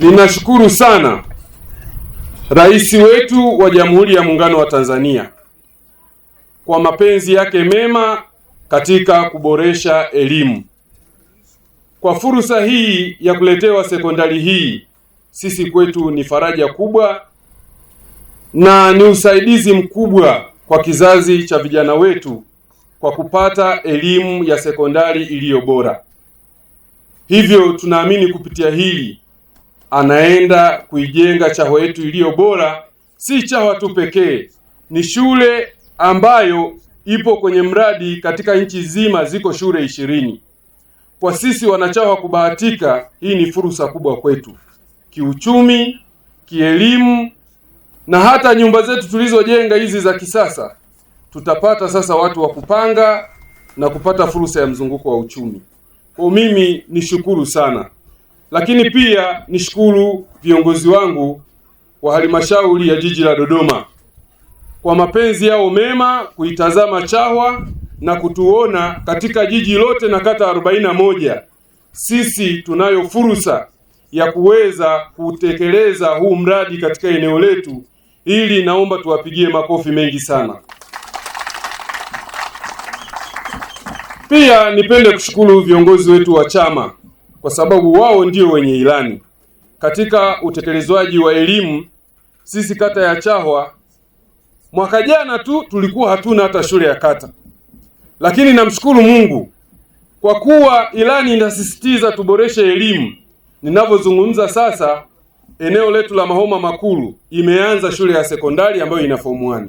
Ninashukuru sana Rais wetu wa Jamhuri ya Muungano wa Tanzania kwa mapenzi yake mema katika kuboresha elimu. Kwa fursa hii ya kuletewa sekondari hii, sisi kwetu ni faraja kubwa na ni usaidizi mkubwa kwa kizazi cha vijana wetu kwa kupata elimu ya sekondari iliyo bora. Hivyo tunaamini kupitia hili anaenda kuijenga Chahwa yetu iliyo bora. Si Chahwa tu pekee, ni shule ambayo ipo kwenye mradi katika nchi nzima, ziko shule ishirini. Kwa sisi wanachahwa kubahatika, hii ni fursa kubwa kwetu kiuchumi, kielimu na hata nyumba zetu tulizojenga hizi za kisasa, tutapata sasa watu wa kupanga na kupata fursa ya mzunguko wa uchumi. Kwa mimi nishukuru sana lakini pia nishukuru viongozi wangu wa halmashauri ya jiji la Dodoma kwa mapenzi yao mema kuitazama Chahwa na kutuona katika jiji lote na kata moja sisi tunayo fursa ya kuweza kutekeleza huu mradi katika eneo letu, ili naomba tuwapigie makofi mengi sana. Pia nipende kushukuru viongozi wetu wa chama kwa sababu wao ndio wenye ilani. Katika utekelezwaji wa elimu, sisi kata ya Chahwa mwaka jana tu tulikuwa hatuna hata shule ya kata, lakini namshukuru Mungu kwa kuwa ilani inasisitiza tuboreshe elimu. Ninavyozungumza sasa, eneo letu la Mahoma Makulu imeanza shule ya sekondari ambayo ina form